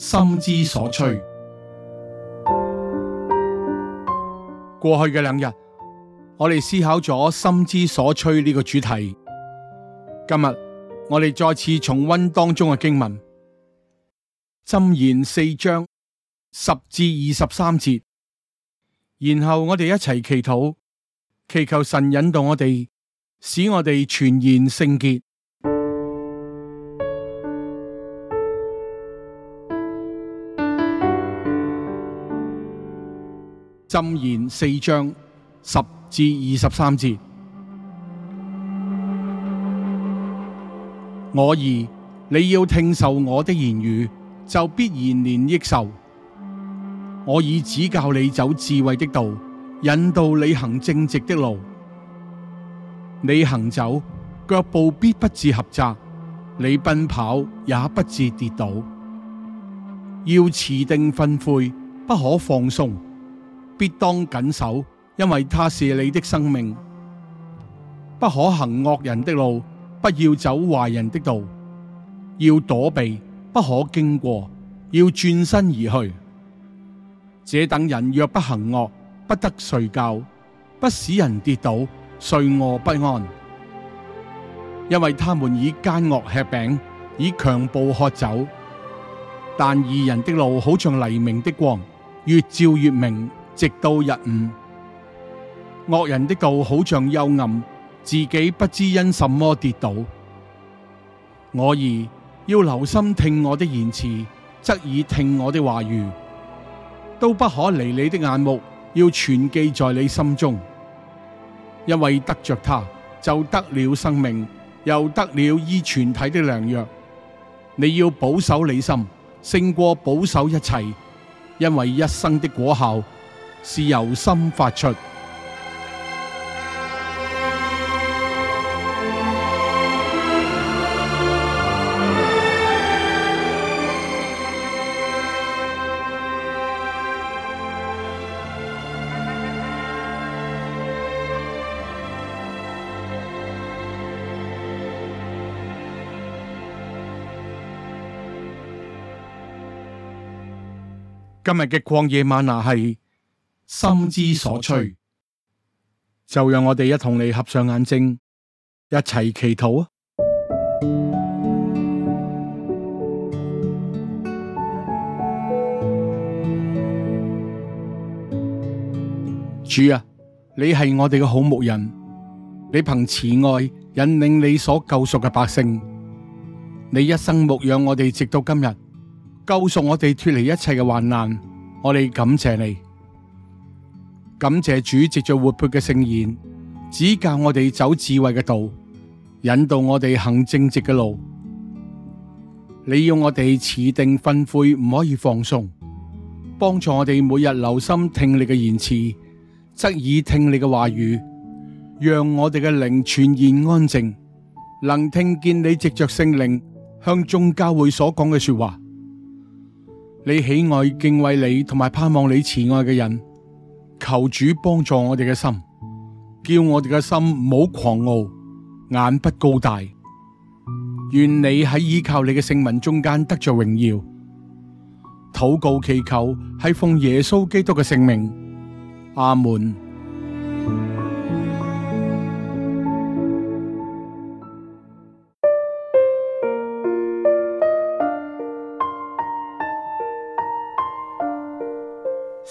心之所趨。過去嘅兩日，我哋思考咗心之所趨呢個主題。今日我哋再次重溫當中嘅經文，箴言四章十至二十三節，然後我哋一齊祈禱，祈求神引導我哋，使我哋全然聖潔。箴言四章十至二十三節： 我兒，你要聽受我的言語，就必延年益壽。我已指教你走智慧的道，引導你行正直的路。你行走，腳步必不致狹窄；你奔跑，也不致跌倒。要持定，訓誨不可放鬆。必當謹守，因為他是你的生命。不可行惡人的路，不要走壞人的道，要躲避，不可經過，要轉身而去。這等人若不行惡，不得睡覺，不使人跌倒，睡臥不安，因為他們以奸惡吃餅，以強暴喝酒。但義人的路好像黎明的光，越照越明。直到日午，惡人的道好像幽暗，自己不知因什麼跌倒。我兒要留心聽我的言辭，側耳聽我的話語，都不可離你的眼目，要存記在你心中，因為得着他就得了生命，又得了醫全體的良藥。你要保守你心，勝過保守一切，因為一生的果效。是由心發出。今日嘅曠野嗎哪係。心之所趨，就讓我哋一同你合上眼睛，一齊祈禱啊！主啊，你係我哋嘅好牧人，你憑慈愛引領你所救贖嘅百姓，你一生牧養我哋，直到今日救贖我哋脱離一切嘅患難，我哋感謝你。感謝主藉着活潑嘅聖言，指教我哋走智慧嘅道，引導我哋行正直嘅路。你要我哋持定訓誨，唔可以放鬆，幫助我哋每日留心聽你嘅言辭，側耳聽你嘅話語，讓我哋嘅靈全然安靜，能聽見你藉着聖靈向眾教會所講嘅說話。你喜愛敬畏你同埋盼望你慈愛嘅人。求主幫助我哋嘅心，叫我哋嘅心唔好狂傲，眼不高大。願你喺依靠你嘅聖名中間得着榮耀。禱告祈求係奉耶穌基督嘅聖名。阿門。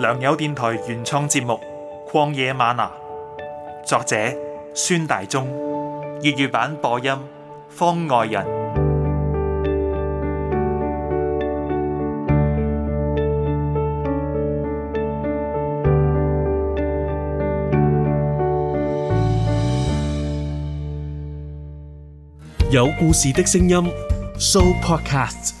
良友電台原創節目《曠野嗎哪》，作者孫大中，粵語版播音方外人。有故事的聲音，Show Podcast。